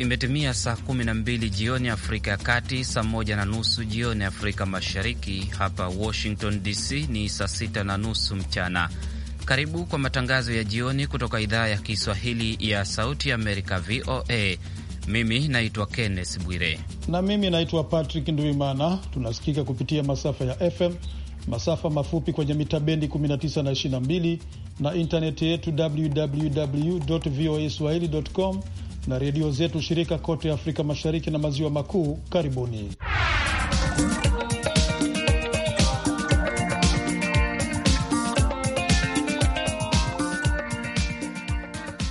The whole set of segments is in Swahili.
Imetimia saa 12 jioni Afrika ya Kati, saa moja na nusu jioni Afrika Mashariki. Hapa Washington DC ni saa sita na nusu mchana. Karibu kwa matangazo ya jioni kutoka idhaa ya Kiswahili ya Sauti ya Amerika, VOA. Mimi naitwa Kenneth Bwire na mimi naitwa Patrick Nduimana. Tunasikika kupitia masafa ya FM, masafa mafupi kwenye mita bendi 19 na 22 na intaneti yetu www voa swahili com na redio zetu shirika kote Afrika Mashariki na Maziwa Makuu. Karibuni.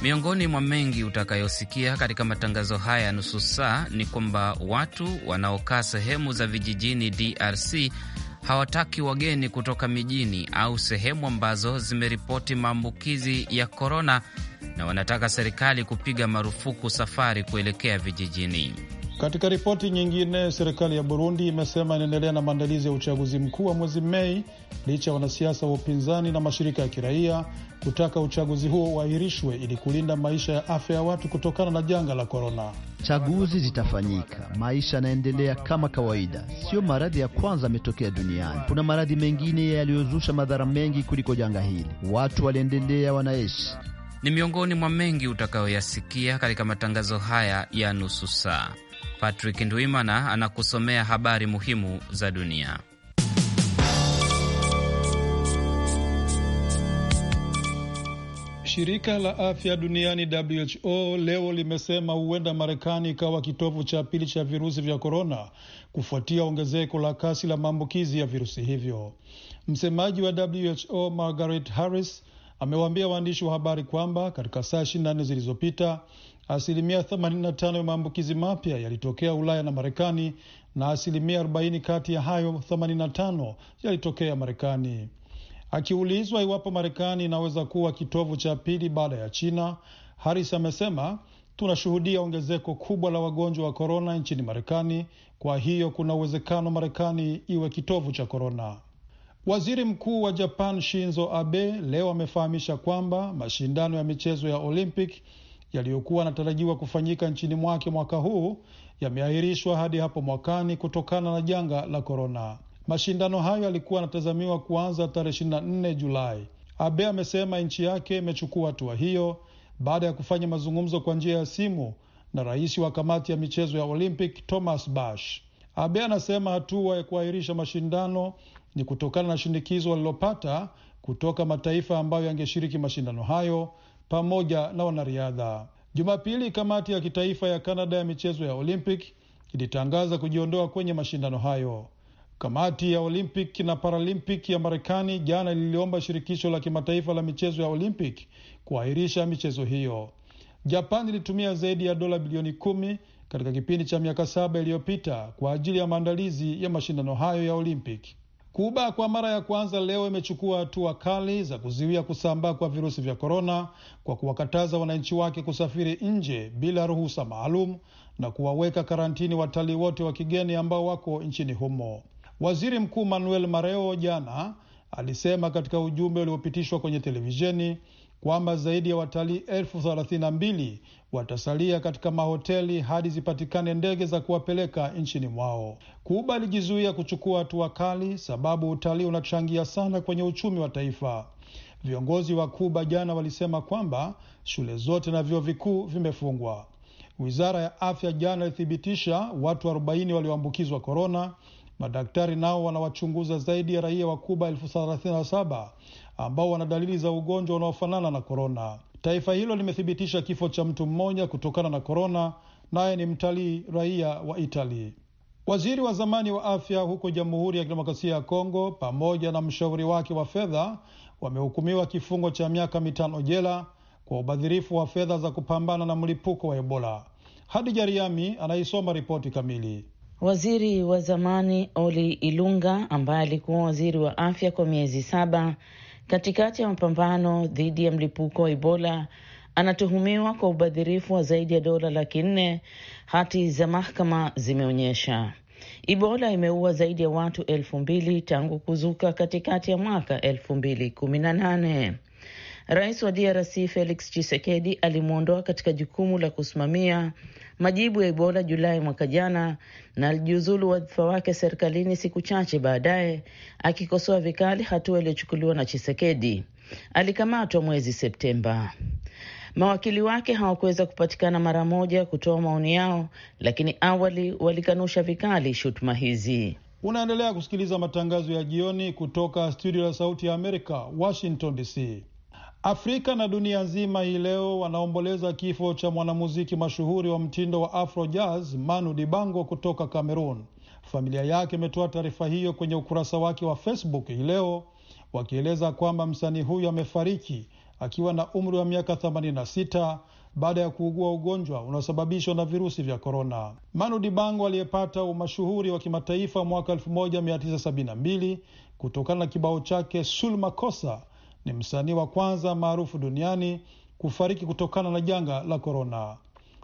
Miongoni mwa mengi utakayosikia katika matangazo haya ya nusu saa ni kwamba watu wanaokaa sehemu za vijijini DRC hawataki wageni kutoka mijini au sehemu ambazo zimeripoti maambukizi ya korona na wanataka serikali kupiga marufuku safari kuelekea vijijini. Katika ripoti nyingine, serikali ya Burundi imesema inaendelea na maandalizi ya uchaguzi mkuu wa mwezi Mei licha ya wanasiasa wa upinzani na mashirika ya kiraia kutaka uchaguzi huo uahirishwe ili kulinda maisha ya afya ya watu kutokana na janga la korona. Chaguzi zitafanyika, maisha yanaendelea kama kawaida. sio maradhi ya kwanza ametokea duniani, kuna maradhi mengine yaliyozusha madhara mengi kuliko janga hili. Watu waliendelea wanaishi ni miongoni mwa mengi utakayoyasikia katika matangazo haya ya nusu saa. Patrick Ndwimana anakusomea habari muhimu za dunia. Shirika la afya duniani WHO leo limesema huenda Marekani ikawa kitovu cha pili cha virusi vya korona kufuatia ongezeko la kasi la maambukizi ya virusi hivyo. Msemaji wa WHO Margaret Harris amewaambia waandishi wa habari kwamba katika saa nne zilizopita asilimia 85 ya maambukizi mapya yalitokea Ulaya na Marekani na asilimia 40 kati ya hayo 85 yalitokea Marekani. Akiulizwa iwapo Marekani inaweza kuwa kitovu cha pili baada ya China, Harris amesema tunashuhudia ongezeko kubwa la wagonjwa wa korona nchini Marekani, kwa hiyo kuna uwezekano Marekani iwe kitovu cha korona. Waziri Mkuu wa Japan Shinzo Abe leo amefahamisha kwamba mashindano ya michezo ya Olympic yaliyokuwa yanatarajiwa kufanyika nchini mwake mwaka huu yameahirishwa hadi hapo mwakani kutokana na janga la korona. Mashindano hayo yalikuwa yanatazamiwa kuanza tarehe 24 Julai. Abe amesema nchi yake imechukua hatua hiyo baada ya kufanya mazungumzo kwa njia ya simu na rais wa kamati ya michezo ya Olympic Thomas Bach. Abe anasema hatua ya kuahirisha mashindano ni kutokana na shinikizo walilopata kutoka mataifa ambayo yangeshiriki mashindano hayo pamoja na wanariadha. Jumapili, kamati ya kitaifa ya Kanada ya michezo ya Olympic ilitangaza kujiondoa kwenye mashindano hayo. Kamati ya Olympic na Paralympic ya Marekani jana liliomba shirikisho la kimataifa la michezo ya Olympic kuahirisha michezo hiyo. Japan ilitumia zaidi ya dola bilioni kumi katika kipindi cha miaka saba iliyopita kwa ajili ya maandalizi ya mashindano hayo ya Olimpiki. Kuba kwa mara ya kwanza leo imechukua hatua kali za kuzuia kusambaa kwa virusi vya korona kwa kuwakataza wananchi wake kusafiri nje bila ruhusa maalum na kuwaweka karantini watalii wote wa kigeni ambao wako nchini humo. Waziri Mkuu Manuel mareo jana alisema katika ujumbe uliopitishwa kwenye televisheni kwamba zaidi ya watalii elfu thelathini na mbili watasalia katika mahoteli hadi zipatikane ndege za kuwapeleka nchini mwao. Kuba alijizuia kuchukua hatua kali, sababu utalii unachangia sana kwenye uchumi wa taifa. Viongozi wa Kuba jana walisema kwamba shule zote na vyuo vikuu vimefungwa. Wizara ya afya jana ilithibitisha watu 40 walioambukizwa korona Madaktari nao wanawachunguza zaidi ya raia wa Kuba elfu thelathini na saba ambao wana dalili za ugonjwa unaofanana na korona. Taifa hilo limethibitisha kifo cha mtu mmoja kutokana na korona, naye ni mtalii raia wa Itali. Waziri wa zamani wa afya huko Jamhuri ya Kidemokrasia ya Kongo pamoja na mshauri wake wa fedha wamehukumiwa kifungo cha miaka mitano jela kwa ubadhirifu wa fedha za kupambana na mlipuko wa Ebola. Hadija Riami anaisoma ripoti kamili. Waziri wa zamani Oli Ilunga ambaye alikuwa waziri wa afya kwa miezi saba katikati ya mapambano dhidi ya mlipuko wa Ebola anatuhumiwa kwa ubadhirifu wa zaidi ya dola laki nne, hati za mahakama zimeonyesha. Ebola imeua zaidi ya watu elfu mbili tangu kuzuka katikati ya mwaka elfu mbili kumi na nane. Rais wa DRC Felix Chisekedi alimwondoa katika jukumu la kusimamia majibu ya Ebola Julai mwaka jana na alijiuzulu wadhifa wake serikalini siku chache baadaye, akikosoa vikali hatua iliyochukuliwa na chisekedi Alikamatwa mwezi Septemba. Mawakili wake hawakuweza kupatikana mara moja kutoa maoni yao, lakini awali walikanusha vikali shutuma hizi. Unaendelea kusikiliza matangazo ya jioni kutoka studio ya Sauti ya Amerika, Washington DC. Afrika na dunia nzima hii leo wanaomboleza kifo cha mwanamuziki mashuhuri wa mtindo wa Afro Jazz Manu Dibango kutoka Cameroon. Familia yake imetoa taarifa hiyo kwenye ukurasa wake wa Facebook hii leo wakieleza kwamba msanii huyo amefariki akiwa na umri wa miaka 86 baada ya kuugua ugonjwa unaosababishwa na virusi vya korona. Manu Dibango aliyepata umashuhuri wa kimataifa mwaka 1972 kutokana na kibao chake Sul Makossa ni msanii wa kwanza maarufu duniani kufariki kutokana na janga la korona.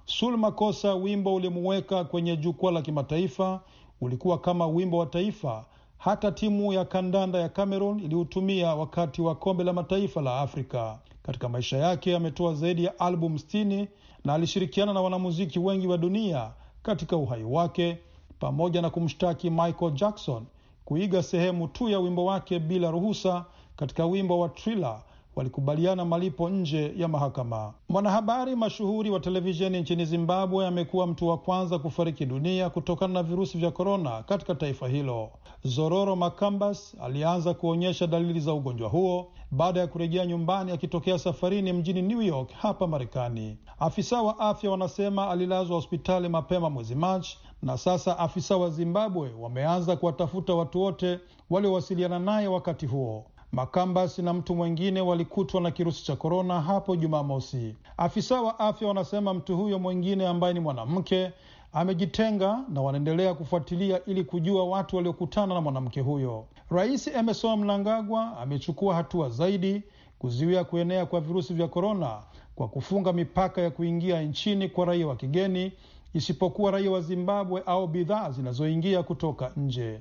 Sul Makosa, wimbo ulimuweka kwenye jukwaa la kimataifa, ulikuwa kama wimbo wa taifa. Hata timu ya kandanda ya Cameroon iliutumia wakati wa kombe la mataifa la Afrika. Katika maisha yake ametoa zaidi ya album sitini na alishirikiana na wanamuziki wengi wa dunia katika uhai wake, pamoja na kumshtaki Michael Jackson kuiga sehemu tu ya wimbo wake bila ruhusa katika wimbo wa trila walikubaliana malipo nje ya mahakama. Mwanahabari mashuhuri wa televisheni nchini Zimbabwe amekuwa mtu wa kwanza kufariki dunia kutokana na virusi vya korona katika taifa hilo. Zororo Makambas alianza kuonyesha dalili za ugonjwa huo baada ya kurejea nyumbani akitokea safarini mjini New York hapa Marekani. Afisa wa afya wanasema alilazwa hospitali mapema mwezi Machi, na sasa afisa wa Zimbabwe wameanza kuwatafuta watu wote waliowasiliana naye wakati huo. Makambas na mtu mwingine walikutwa na kirusi cha korona hapo Jumamosi. Afisa wa afya wanasema mtu huyo mwingine ambaye ni mwanamke amejitenga na wanaendelea kufuatilia ili kujua watu waliokutana na mwanamke huyo. Rais Emmerson Mnangagwa amechukua hatua zaidi kuzuia kuenea kwa virusi vya korona kwa kufunga mipaka ya kuingia nchini kwa raia wa kigeni isipokuwa raia wa Zimbabwe au bidhaa zinazoingia kutoka nje.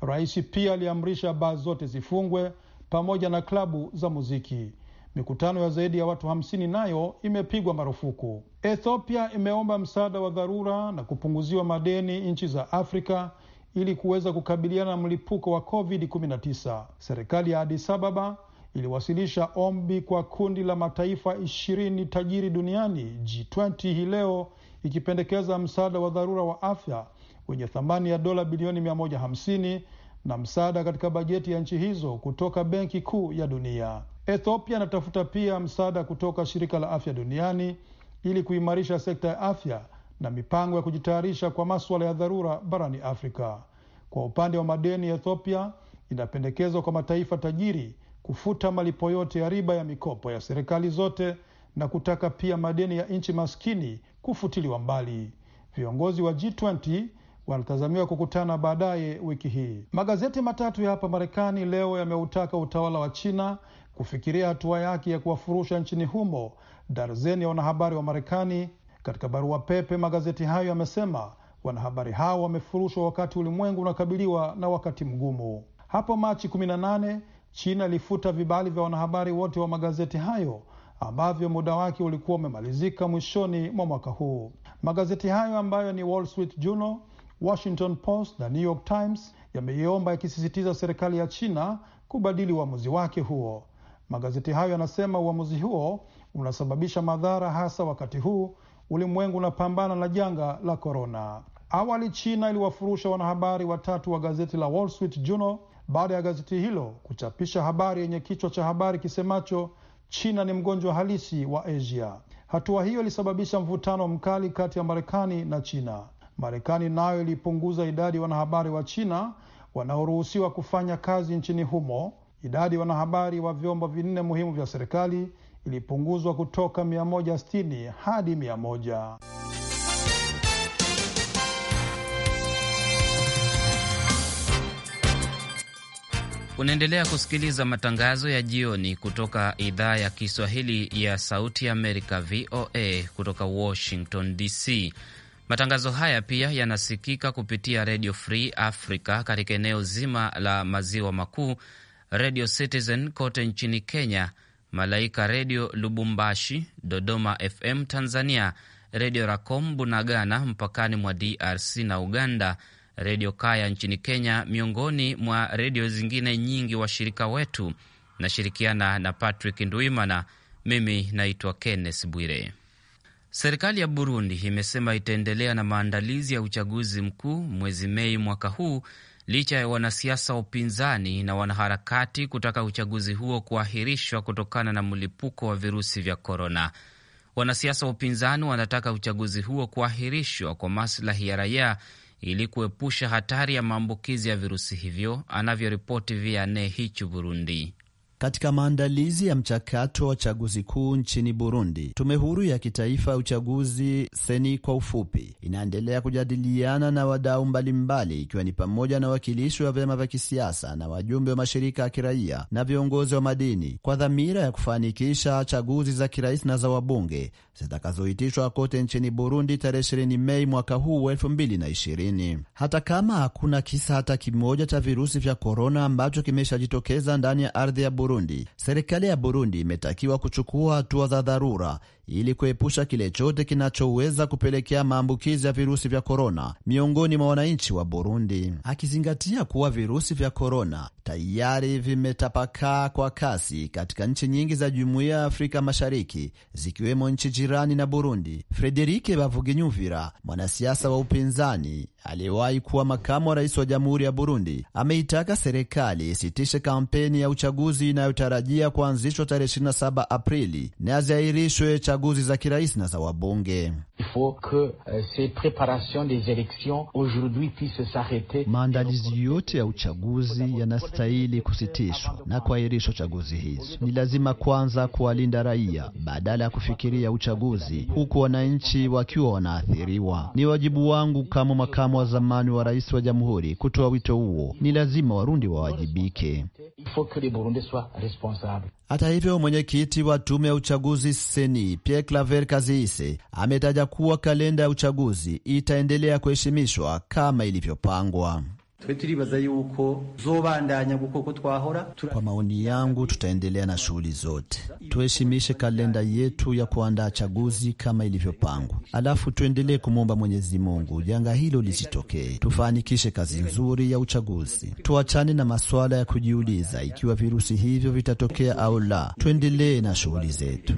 Rais pia aliamrisha baa zote zifungwe pamoja na klabu za muziki. Mikutano ya zaidi ya watu hamsini nayo imepigwa marufuku. Ethiopia imeomba msaada wa dharura na kupunguziwa madeni nchi za Afrika ili kuweza kukabiliana na mlipuko wa COVID-19. Serikali ya Addis Ababa iliwasilisha ombi kwa kundi la mataifa ishirini tajiri duniani G20 hii leo ikipendekeza msaada wa dharura wa afya wenye thamani ya dola bilioni 150 na msaada katika bajeti ya nchi hizo kutoka Benki Kuu ya Dunia. Ethiopia inatafuta pia msaada kutoka Shirika la Afya Duniani ili kuimarisha sekta ya afya na mipango ya kujitayarisha kwa maswala ya dharura barani Afrika. Kwa upande wa madeni, Ethiopia inapendekezwa kwa mataifa tajiri kufuta malipo yote ya riba ya mikopo ya serikali zote na kutaka pia madeni ya nchi maskini kufutiliwa mbali. Viongozi wa G20 wanatazamiwa kukutana baadaye wiki hii. Magazeti matatu ya hapa Marekani leo yameutaka utawala wa China kufikiria hatua yake ya kuwafurusha nchini humo darzeni ya wanahabari wa Marekani. Katika barua pepe, magazeti hayo yamesema wanahabari hao wamefurushwa wakati ulimwengu unakabiliwa na wakati mgumu. Hapo Machi 18 China ilifuta vibali vya wanahabari wote wa magazeti hayo ambavyo muda wake ulikuwa umemalizika mwishoni mwa mwaka huu. Magazeti hayo ambayo ni Wall Street Journal, Washington Post na New York Times yameiomba yakisisitiza serikali ya China kubadili uamuzi wake huo. Magazeti hayo yanasema uamuzi huo unasababisha madhara, hasa wakati huu ulimwengu unapambana na janga la korona. Awali China iliwafurusha wanahabari watatu wa gazeti la Wall Street Journal baada ya gazeti hilo kuchapisha habari yenye kichwa cha habari kisemacho China ni mgonjwa halisi wa Asia. Hatua hiyo ilisababisha mvutano mkali kati ya Marekani na China. Marekani nayo ilipunguza idadi wanahabari wa China wanaoruhusiwa kufanya kazi nchini humo. Idadi wanahabari wa vyombo vinne muhimu vya serikali ilipunguzwa kutoka 160 hadi 100. Unaendelea kusikiliza matangazo ya jioni kutoka idhaa ya Kiswahili ya Sauti ya Amerika, VOA, kutoka Washington DC. Matangazo haya pia yanasikika kupitia Redio Free Africa katika eneo zima la maziwa makuu, Redio Citizen kote nchini Kenya, Malaika Redio Lubumbashi, Dodoma FM Tanzania, Redio Racom Bunagana mpakani mwa DRC na Uganda, Redio Kaya nchini Kenya, miongoni mwa redio zingine nyingi washirika wetu. Nashirikiana na Patrick Ndwimana. Mimi naitwa Kenneth Bwire. Serikali ya Burundi imesema itaendelea na maandalizi ya uchaguzi mkuu mwezi Mei mwaka huu licha ya wanasiasa wa upinzani na wanaharakati kutaka uchaguzi huo kuahirishwa kutokana na mlipuko wa virusi vya korona. Wanasiasa wa upinzani wanataka uchaguzi huo kuahirishwa kwa maslahi ya raia ili kuepusha hatari ya maambukizi ya virusi hivyo, anavyoripoti Vianney Hichu, Burundi. Katika maandalizi ya mchakato wa chaguzi kuu nchini Burundi, tume huru ya kitaifa ya uchaguzi seni kwa ufupi, inaendelea kujadiliana na wadau mbalimbali, ikiwa ni pamoja na wakilishi wa vyama vya kisiasa na wajumbe wa mashirika ya kiraia na viongozi wa madini, kwa dhamira ya kufanikisha chaguzi za kirais na za wabunge zitakazoitishwa kote nchini Burundi tarehe 20 Mei mwaka huu 2020. Hata kama hakuna kisa hata kimoja cha virusi vya korona ambacho kimeshajitokeza ndani ya ardhi ya Burundi, Burundi. Serikali ya Burundi imetakiwa kuchukua hatua za dharura ili kuepusha kile chote kinachoweza kupelekea maambukizi ya virusi vya korona miongoni mwa wananchi wa Burundi, akizingatia kuwa virusi vya korona tayari vimetapakaa kwa kasi katika nchi nyingi za Jumuiya ya Afrika Mashariki zikiwemo nchi jirani na Burundi. Frederike Bavuginyuvira, mwanasiasa wa upinzani aliyewahi kuwa makamu wa rais wa Jamhuri ya Burundi, ameitaka serikali isitishe kampeni ya uchaguzi inayotarajia kuanzishwa tarehe 27 Aprili na ziahirishwe cha chaguzi za kirais na za wabunge. Il faut que euh, ces préparations des élections aujourd'hui puissent s'arrêter. Maandalizi yote ya uchaguzi yanastahili kusitishwa na kuahirishwa chaguzi hizo. Ni lazima kwanza kuwalinda raia badala ya kufikiria uchaguzi huku wananchi wakiwa wanaathiriwa. Ni wajibu wangu kama makamu wa zamani wa rais wa jamhuri kutoa wito huo. Ni lazima Warundi wawajibike. Hata hivyo, mwenyekiti wa tume ya uchaguzi seni Pierre Claver Kazise ametaja kuwa kalenda ya uchaguzi itaendelea kuheshimishwa kama ilivyopangwa twe turibaza yuko zobandanya uko twahora. Kwa maoni yangu, tutaendelea na shughuli zote, tuheshimishe kalenda yetu ya kuandaa chaguzi kama ilivyopangwa, alafu tuendelee kumwomba Mwenyezi Mungu janga hilo lisitokee, tufanikishe kazi nzuri ya uchaguzi, tuachane na masuala ya kujiuliza ikiwa virusi hivyo vitatokea au la, tuendelee na shughuli zetu.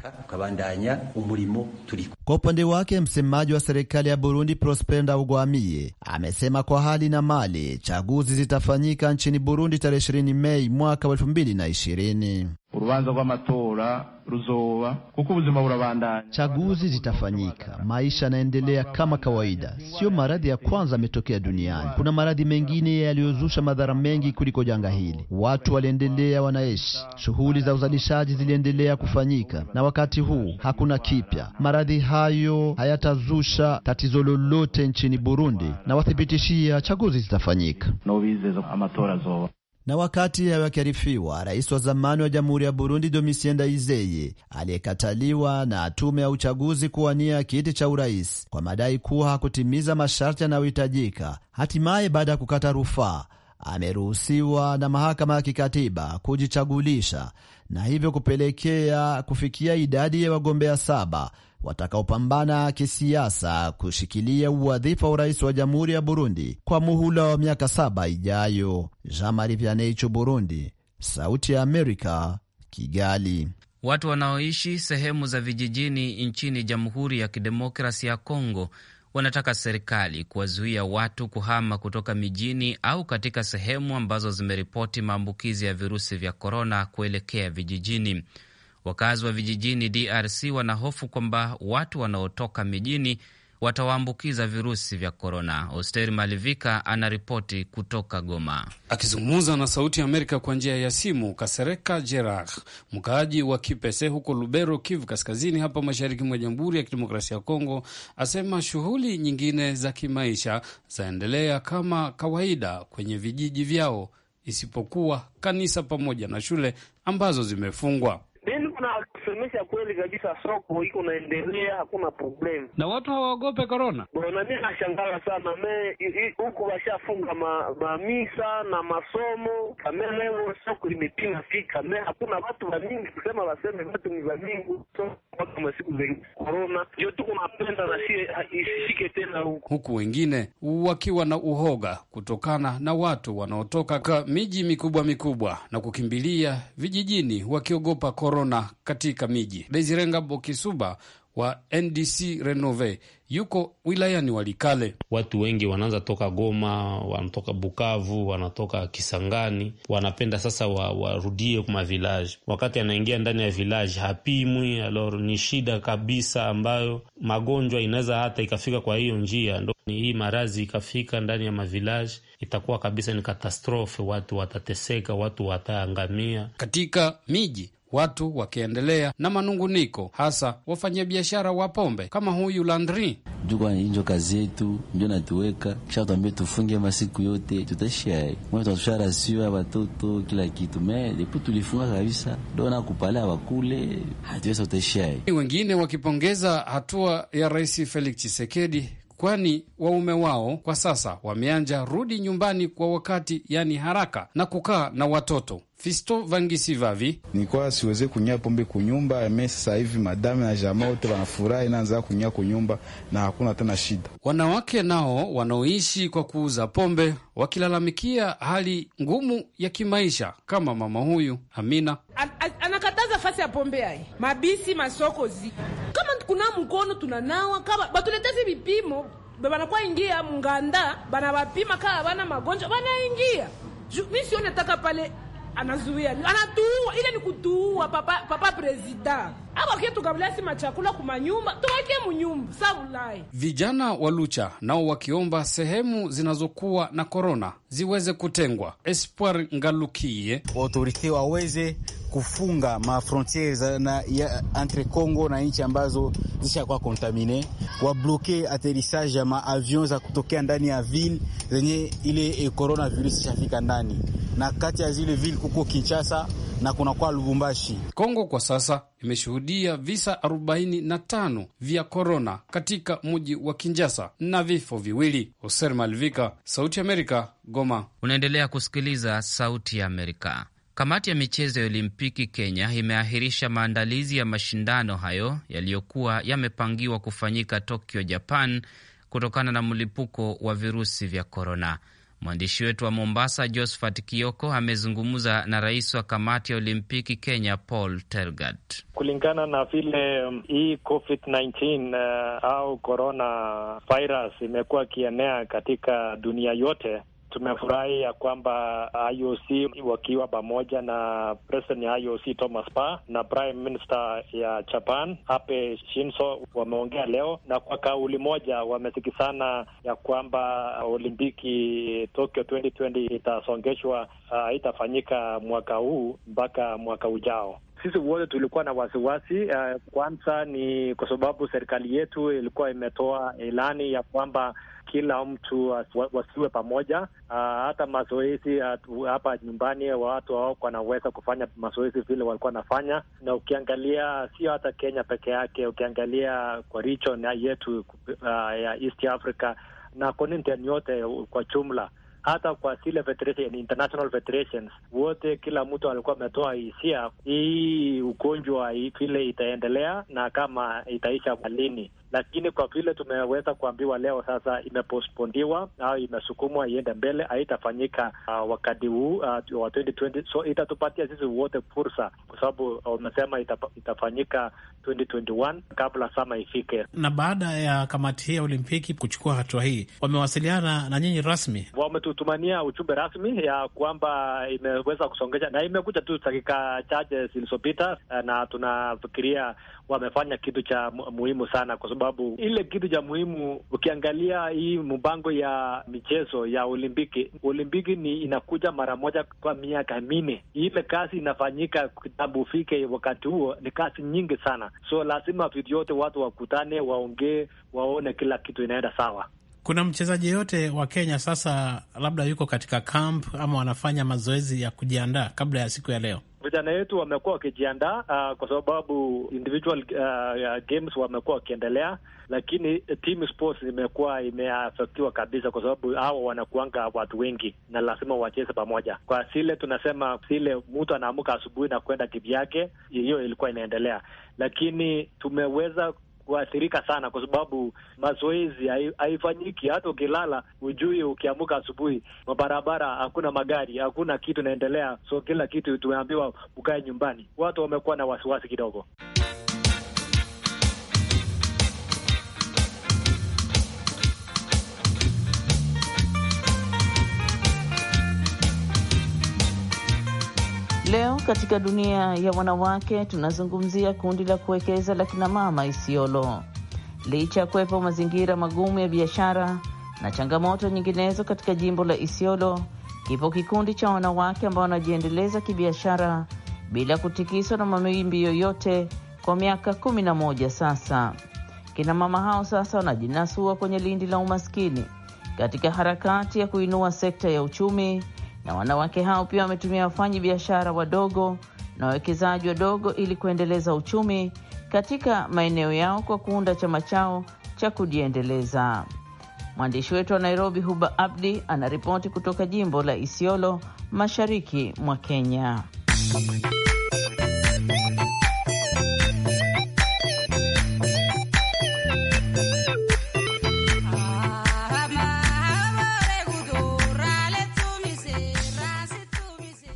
Kwa upande wake, msemaji wa serikali ya Burundi Prosper Ndawugwamiye amesema kwa hali na mali cha Chaguzi zitafanyika nchini Burundi tarehe 20 Mei mwaka wa 2020 urubanza matora ruzoba kuko ubuzima burabandanya. Chaguzi zitafanyika, maisha yanaendelea kama kawaida. Sio maradhi ya kwanza ametokea duniani, kuna maradhi mengine yaliyozusha madhara mengi kuliko janga hili. Watu waliendelea wanaishi, shughuli za uzalishaji ziliendelea kufanyika, na wakati huu hakuna kipya. Maradhi hayo hayatazusha tatizo lolote nchini Burundi, na wathibitishia chaguzi zitafanyika. no amatora zoba na wakati hayo yakiarifiwa, rais wa zamani wa jamhuri ya Burundi Domitien Ndayizeye aliyekataliwa na tume ya uchaguzi kuwania kiti cha urais kwa madai kuwa hakutimiza masharti yanayohitajika, hatimaye baada ya kukata rufaa ameruhusiwa na mahakama ya kikatiba kujichagulisha na hivyo kupelekea kufikia idadi ya wagombea saba watakaopambana kisiasa kushikilia uwadhifa wa urais wa jamhuri ya Burundi kwa muhula wa miaka saba ijayo. Jean Marie Burundi, Sauti ya Amerika, Kigali. Watu wanaoishi sehemu za vijijini nchini Jamhuri ya Kidemokrasi ya Kongo wanataka serikali kuwazuia watu kuhama kutoka mijini au katika sehemu ambazo zimeripoti maambukizi ya virusi vya korona kuelekea vijijini. Wakazi wa vijijini DRC wanahofu kwamba watu wanaotoka mijini watawaambukiza virusi vya korona. Osteri Malivika anaripoti kutoka Goma. Akizungumza na Sauti ya Amerika kwa njia ya simu, Kasereka Jerah, mkaaji wa Kipese huko Lubero, Kivu Kaskazini, hapa mashariki mwa Jamhuri ya Kidemokrasia ya Kongo, asema shughuli nyingine za kimaisha zaendelea kama kawaida kwenye vijiji vyao isipokuwa kanisa pamoja na shule ambazo zimefungwa. بالمناسبة مثل kweli kabisa, soko iko naendelea, hakuna problem na watu hawaogope corona. Bwana, mimi nashangaa sana me huku washafunga ma, mamisa na masomo kame, leo soko imepina fika me hakuna watu mingi kusema waseme watu ni waningi mpaka masiku zengi corona ndio tuko napenda na si isifike tena huku, huku wengine wakiwa na uhoga kutokana na watu wanaotoka miji mikubwa mikubwa na kukimbilia vijijini wakiogopa korona katika miji. Bezirenga bokisuba wa NDC Renove yuko wilayani Walikale. Watu wengi wanaanza toka Goma, wanatoka Bukavu, wanatoka Kisangani, wanapenda sasa warudie wa kuma vilaji. Wakati anaingia ndani ya vilaji hapimwi, alor ni shida kabisa, ambayo magonjwa inaweza hata ikafika. Kwa hiyo njia ndo hii marazi ikafika ndani ya mavilaji, itakuwa kabisa ni katastrofe, watu watateseka, watu wataangamia katika miji watu wakiendelea na manunguniko, hasa wafanyabiashara wa pombe kama huyu Landri. Juko injo kazi yetu njo natuweka kisha tuambie tufunge masiku yote, tutashia mwe ya watoto kila kitu me depu tulifunga kabisa dona kupala wakule hatuweza utashia. Wengine wakipongeza hatua ya Rais Felix Chisekedi kwani waume wao kwa sasa wameanja rudi nyumbani kwa wakati, yani haraka, na kukaa na watoto. Fisto vavi nikwa siweze kunywa pombe kunyumba ame sasa hivi madame na jamaa wote wanafurahi, naanza kunywa kunyumba na hakuna tena shida. Wanawake nao wanaoishi kwa kuuza pombe wakilalamikia hali ngumu ya kimaisha, kama mama huyu Amina an kwanza fasi ya pombe hai mabisi masoko zi kama kuna mkono tunanawa, kama batuletezi vipimo banakuwa ingia munganda bana banawapima kama bana magonjwa ingia Mimi sione taka pale anazuia anatuua, ile ni kutuua papa, papa prezida abakie tukabulasi machakula kumanyumba tubakie munyumba sabulai. Vijana wa Lucha nao wakiomba sehemu zinazokuwa na korona ziweze kutengwa. Espoir Ngalukie, autorite waweze kufunga mafrontiere na ya entre Congo na nchi ambazo zishakuwa kontamine wabloke aterissage ya maavion za kutokea ndani ya ville zenye ile e, coronavirus ishafika ndani, na kati ya zile ville kuko Kinshasa na kuna kwa Lubumbashi. Kongo kwa sasa imeshuhudia visa 45 vya korona katika mji wa Kinshasa na vifo viwili. Hoser Malvika, Sauti Amerika, Goma. Unaendelea kusikiliza Sauti ya Amerika. Kamati ya michezo ya Olimpiki Kenya imeahirisha maandalizi ya mashindano hayo yaliyokuwa yamepangiwa kufanyika Tokyo, Japan, kutokana na mlipuko wa virusi vya korona. Mwandishi wetu wa Mombasa, Josphat Kioko, amezungumza na rais wa kamati ya Olimpiki Kenya, Paul Tergat. Kulingana na vile um, hii COVID-19 uh, au corona virus imekuwa ikienea katika dunia yote Tumefurahi ya kwamba IOC wakiwa pamoja na president ya IOC Thomas Pa na prime minister ya Japan Abe Shinzo wameongea leo, na kwa kauli moja wamesikisana ya kwamba olimpiki Tokyo 2020 itasongeshwa, uh, itafanyika mwaka huu mpaka mwaka ujao. Sisi wote tulikuwa na wasiwasi uh, kwanza ni kwa sababu serikali yetu ilikuwa imetoa ilani ya kwamba kila mtu wasiwe pamoja uh, hata mazoezi ah, hapa uh, nyumbani watu hawakuwa wanaweza kufanya mazoezi vile walikuwa wanafanya, na ukiangalia sio hata Kenya peke yake, ukiangalia kwa region yetu uh, ya East Africa na continent yote kwa jumla hata kwa zile federation, international federations wote, kila mtu alikuwa ametoa hisia hii ugonjwa vile itaendelea na kama itaisha lini lakini kwa vile tumeweza kuambiwa leo sasa imepospondiwa au imesukumwa iende mbele, haitafanyika uh, wakati huu uh, wa 2020 so itatupatia sisi wote fursa, kwa sababu wamesema ita, itafanyika 2021 kabla sama ifike. Na baada ya kamati hii ya Olimpiki kuchukua hatua hii, wamewasiliana na nyinyi rasmi, wametutumania ujumbe rasmi ya kwamba imeweza kusongesha na imekuja tu dakika chache zilizopita, eh, na tunafikiria wamefanya kitu cha muhimu sana kwa sababu sababu ile kitu cha muhimu, ukiangalia hii mpango ya michezo ya Olimpiki, Olimpiki ni inakuja mara moja kwa miaka minne. Ile kazi inafanyika kitambu ufike wakati huo, ni kazi nyingi sana, so lazima vitu yote watu wakutane, waongee, waone kila kitu inaenda sawa. Kuna mchezaji yote wa Kenya sasa labda yuko katika camp ama wanafanya mazoezi ya kujiandaa kabla ya siku ya leo? Vijana wetu wamekuwa wakijiandaa uh, kwa sababu individual uh, games wamekuwa wakiendelea, lakini team sports imekuwa imeafektiwa kabisa, kwa sababu hawa wanakuanga watu wengi na lazima wacheze pamoja. Kwa sile tunasema sile mtu anaamka asubuhi na kwenda kivi yake, hiyo ilikuwa inaendelea, lakini tumeweza kuathirika sana, kwa sababu mazoezi haifanyiki. Hata ukilala ujui, ukiamuka asubuhi, mabarabara hakuna magari, hakuna kitu inaendelea. So kila kitu tumeambiwa ukae nyumbani, watu wamekuwa na wasiwasi kidogo. Leo katika dunia ya wanawake tunazungumzia kundi la kuwekeza la kinamama Isiolo. Licha ya kuwepo mazingira magumu ya biashara na changamoto nyinginezo katika jimbo la Isiolo, kipo kikundi cha wanawake ambao wanajiendeleza kibiashara bila kutikiswa na mawimbi yoyote kwa miaka kumi na moja sasa. Kinamama hao sasa wanajinasua kwenye lindi la umaskini katika harakati ya kuinua sekta ya uchumi na wanawake hao pia wametumia wafanyi biashara wadogo na wawekezaji wadogo ili kuendeleza uchumi katika maeneo yao kwa kuunda chama chao cha kujiendeleza. Mwandishi wetu wa Nairobi, Huba Abdi, anaripoti kutoka jimbo la Isiolo, mashariki mwa Kenya.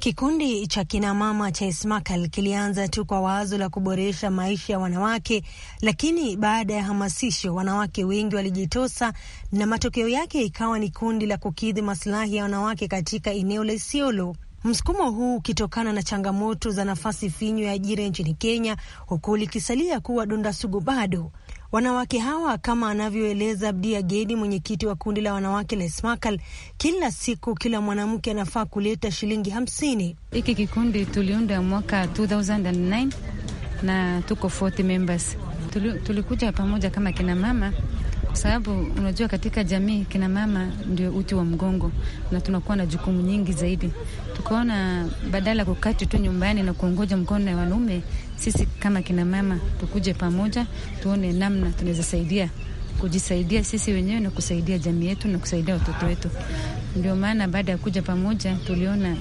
Kikundi cha kinamama cha Ismakal kilianza tu kwa wazo la kuboresha maisha ya wanawake, lakini baada ya hamasisho, wanawake wengi walijitosa na matokeo yake ikawa ni kundi la kukidhi masilahi ya wanawake katika eneo la Isiolo. Msukumo huu ukitokana na changamoto za nafasi finyu ya ajira nchini Kenya, huku likisalia kuwa donda sugu bado Wanawake hawa kama anavyoeleza Abdia Gedi, mwenyekiti wa kundi la wanawake la Ismakal, kila siku kila mwanamke anafaa kuleta shilingi hamsini. Hiki kikundi tuliunda mwaka 2009 na tuko 40 members. Tuli, tulikuja pamoja kama kinamama kwa sababu unajua katika jamii kina mama ndio uti wa mgongo na tunakuwa na jukumu nyingi zaidi. Tukaona badala ya kukati tu nyumbani na kuongoja mkono ya wanaume, sisi kama kina mama tukuje pamoja, tuone namna tunaweza saidia kujisaidia sisi wenyewe na kusaidia jamii yetu na kusaidia watoto wetu. Ndio maana baada ya kuja pamoja tuliona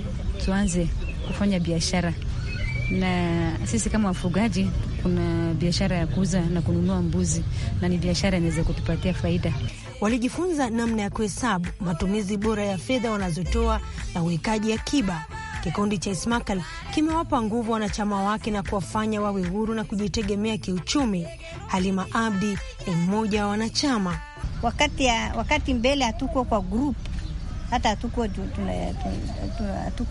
tuanze kufanya biashara, na sisi kama wafugaji kuna biashara ya kuuza na kununua mbuzi, na ni biashara inaweza kutupatia faida. Walijifunza namna ya kuhesabu matumizi bora ya fedha wanazotoa na uwekaji akiba Kikundi cha Ismakal kimewapa nguvu wanachama wake na kuwafanya wawe huru na kujitegemea kiuchumi. Halima Abdi ni mmoja wa wanachama. Wakati, ya, wakati mbele hatuko kwa grup hata hatuko tuna,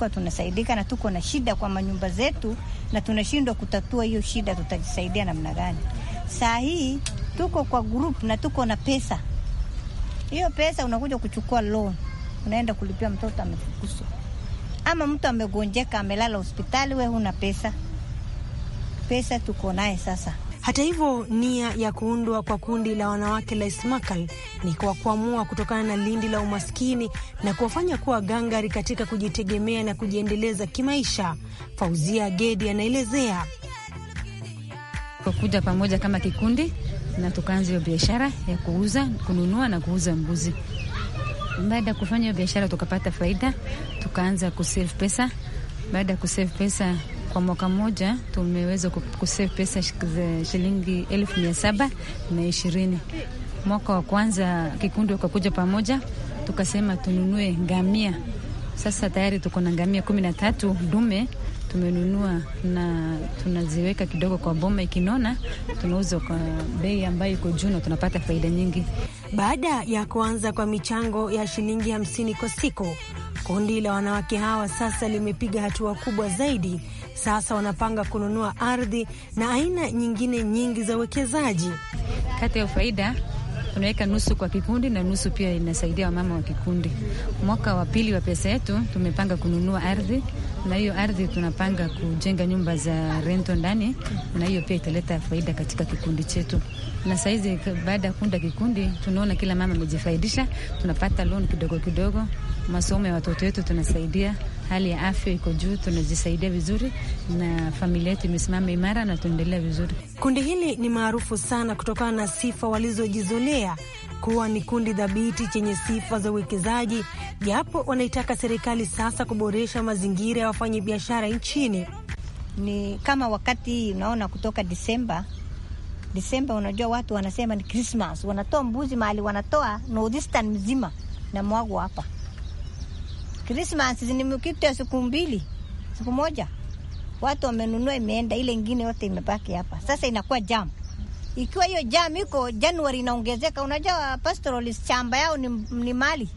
tuna na tuko na shida kwa manyumba zetu na tunashindwa kutatua hiyo shida, tutajisaidia namna gani? Saa hii tuko kwa grup na tuko na pesa. Hiyo pesa unakuja kuchukua loan, unaenda kulipia mtoto amefukuzwa ama mtu amegonjeka amelala hospitali, we huna pesa. Pesa tuko naye sasa. Hata hivyo, nia ya kuundwa kwa kundi la wanawake la Ismakal ni kwa kuamua kutokana na lindi la umaskini na kuwafanya kuwa gangari katika kujitegemea na kujiendeleza kimaisha. Fauzia Gedi anaelezea kuja pamoja kama kikundi na tukaanza hiyo biashara ya kuuza kununua na kuuza mbuzi baada ya kufanya biashara tukapata faida, tukaanza kusave pesa. Baada ya kusave pesa kwa mwaka mmoja tumeweza kusave pesa za shilingi elfu mia saba na ishirini. Mwaka wa kwanza kikundi wakakuja pamoja, tukasema tununue ngamia. Sasa tayari tuko na ngamia kumi na tatu dume tumenunua na tunaziweka kidogo kwa boma, ikinona tunauza kwa bei ambayo iko juu na tunapata faida nyingi. Baada ya kuanza kwa michango ya shilingi hamsini kwa siku, kundi la wanawake hawa sasa limepiga hatua kubwa zaidi. Sasa wanapanga kununua ardhi na aina nyingine nyingi za uwekezaji. Kati ya faida tunaweka nusu kwa kikundi na nusu pia inasaidia wamama wa kikundi. Mwaka wa pili wa pesa yetu tumepanga kununua ardhi, na hiyo ardhi tunapanga kujenga nyumba za rento ndani, na hiyo pia italeta faida katika kikundi chetu. Na sahizi baada ya kuunda kikundi, tunaona kila mama amejifaidisha, tunapata loan kidogo kidogo, masomo ya watoto wetu tunasaidia hali ya afya iko juu, tunajisaidia vizuri na familia yetu imesimama imara na tunaendelea vizuri. Kundi hili ni maarufu sana kutokana na sifa walizojizolea kuwa ni kundi dhabiti chenye sifa za uwekezaji, japo wanaitaka serikali sasa kuboresha mazingira ya biashara nchini. Ni kama wakati unaona kutoka Disemba Disemba, unajua watu wanasema ni Krismas, wanatoa mbuzi mahali wanatoa Northeastern mzima na mwago hapa Krismas ya siku mbili, siku moja watu wamenunua, imeenda ile ingine yote imebaki hapa. Sasa inakuwa jam. Ikiwa hiyo jam iko Januari inaongezeka, unajua pastoral chamba yao ni, ni mali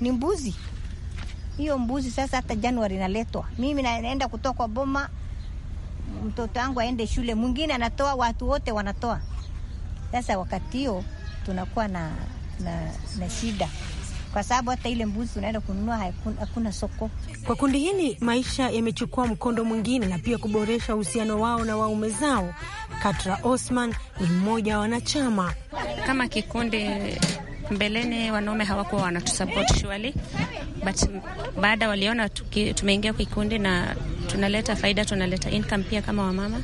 ni mbuzi. Hiyo mbuzi sasa hata Januari inaletwa, mimi naenda kutoa kwa boma, mtoto wangu aende shule, mwingine anatoa, watu wote wanatoa. Sasa wakati hiyo tunakuwa na, na, na shida kwa sababu hata ile mbuzi unaenda kununua hakuna soko. Kwa kundi hili, maisha yamechukua mkondo mwingine na pia kuboresha uhusiano wao na waume zao. Katra Osman ni mmoja wa wanachama. Kama kikundi mbeleni, wanaume hawakuwa wanatusupport surely, but baada waliona tumeingia kikundi na tunaleta faida, tunaleta income pia. Kama wamama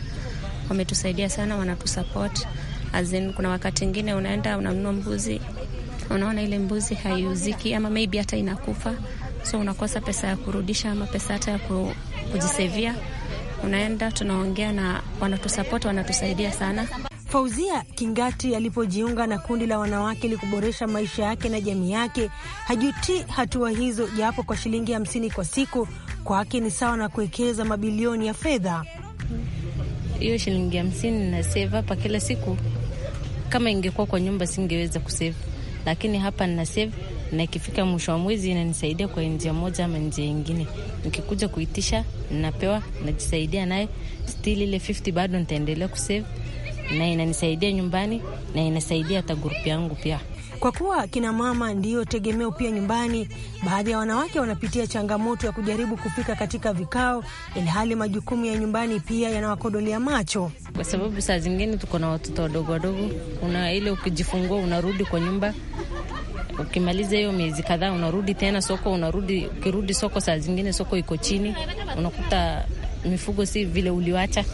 wametusaidia sana, wanatusupport as in, kuna wakati ingine unaenda unanunua mbuzi unaona ile mbuzi haiuziki, ama maybe hata inakufa, so unakosa pesa ya kurudisha ama pesa hata ya kujisevia. Unaenda tunaongea na wanatusapoti, wanatusaidia sana. Fauzia Kingati alipojiunga na kundi la wanawake ili kuboresha maisha yake na jamii yake, hajuti hatua hizo, japo kwa shilingi hamsini kwa siku kwake ni sawa na kuwekeza mabilioni ya fedha. Hiyo shilingi hamsini na seva hapa kila siku, kama ingekuwa kwa nyumba singeweza kuseva lakini hapa nina save na ikifika mwisho wa mwezi inanisaidia kwa njia moja ama njia ingine. Nikikuja kuitisha nnapewa najisaidia naye still, ile 50 bado nitaendelea kusave na inanisaidia nyumbani na inasaidia hata grupu yangu pia. Kwa kuwa kina mama ndiyo tegemeo pia nyumbani, baadhi ya wanawake wanapitia changamoto ya kujaribu kufika katika vikao, ilhali majukumu ya nyumbani pia yanawakodolea macho, kwa sababu saa zingine tuko na watoto wadogo wadogo. kuna ile ukijifungua, unarudi kwa nyumba Ukimaliza hiyo miezi kadhaa, unarudi tena soko, unarudi ukirudi soko, saa zingine soko iko chini, unakuta mifugo si vile uliwacha,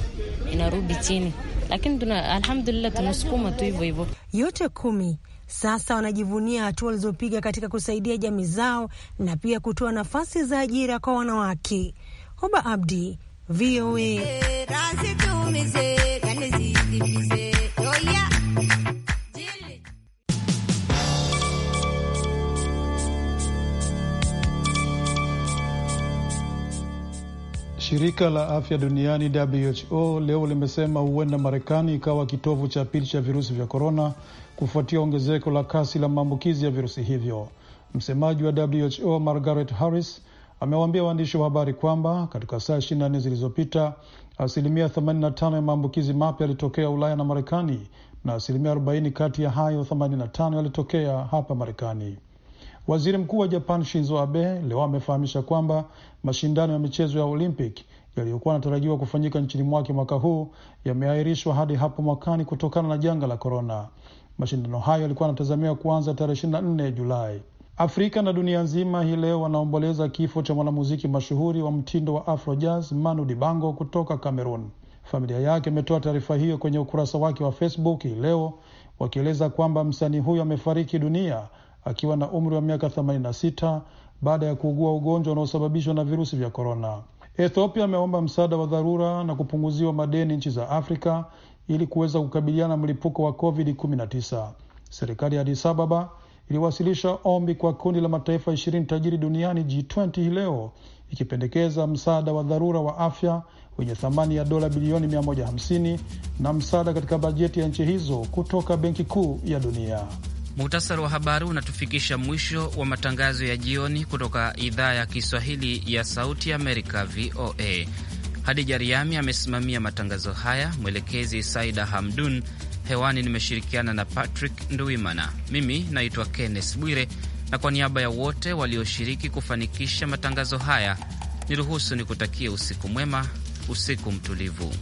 inarudi chini, lakini tuna alhamdulillah, tunasukuma tu hivyo hivyo. Yote kumi sasa wanajivunia hatua walizopiga katika kusaidia jamii zao na pia kutoa nafasi za ajira kwa wanawake. Hoba Abdi, VOA. Shirika la afya duniani WHO leo limesema huenda Marekani ikawa kitovu cha pili cha virusi vya korona kufuatia ongezeko la kasi la maambukizi ya virusi hivyo. Msemaji wa WHO Margaret Harris amewaambia waandishi wa habari kwamba katika saa 24 zilizopita asilimia 85 ya maambukizi mapya yalitokea Ulaya na Marekani na asilimia 40 kati ya hayo 85 yalitokea hapa Marekani. Waziri Mkuu wa Japan Shinzo Abe leo amefahamisha kwamba mashindano ya michezo ya Olympic yaliyokuwa yanatarajiwa kufanyika nchini mwake mwaka huu yameahirishwa hadi hapo mwakani kutokana na janga la korona. Mashindano hayo yalikuwa yanatazamiwa kuanza tarehe 24 Julai. Afrika na dunia nzima hii leo wanaomboleza kifo cha mwanamuziki mashuhuri wa mtindo wa afro jazz Manu Dibango kutoka Cameroon. Familia yake imetoa taarifa hiyo kwenye ukurasa wake wa Facebook hii leo wakieleza kwamba msanii huyo amefariki dunia akiwa na umri wa miaka 86 baada ya kuugua ugonjwa unaosababishwa na virusi vya korona. Ethiopia ameomba msaada wa dharura na kupunguziwa madeni nchi za Afrika ili kuweza kukabiliana na mlipuko wa COVID-19. Serikali ya Addis Ababa iliwasilisha ombi kwa kundi la mataifa ishirini tajiri duniani G20 hii leo ikipendekeza msaada wa dharura wa afya wenye thamani ya dola bilioni 150 na msaada katika bajeti ya nchi hizo kutoka Benki Kuu ya Dunia. Muhtasari wa habari unatufikisha mwisho wa matangazo ya jioni kutoka idhaa ya Kiswahili ya Sauti Amerika, VOA. Hadija Riami amesimamia matangazo haya, mwelekezi Saida Hamdun. Hewani nimeshirikiana na Patrick Nduimana. Mimi naitwa Kenneth Bwire, na kwa niaba ya wote walioshiriki kufanikisha matangazo haya, niruhusu nikutakie usiku mwema, usiku mtulivu.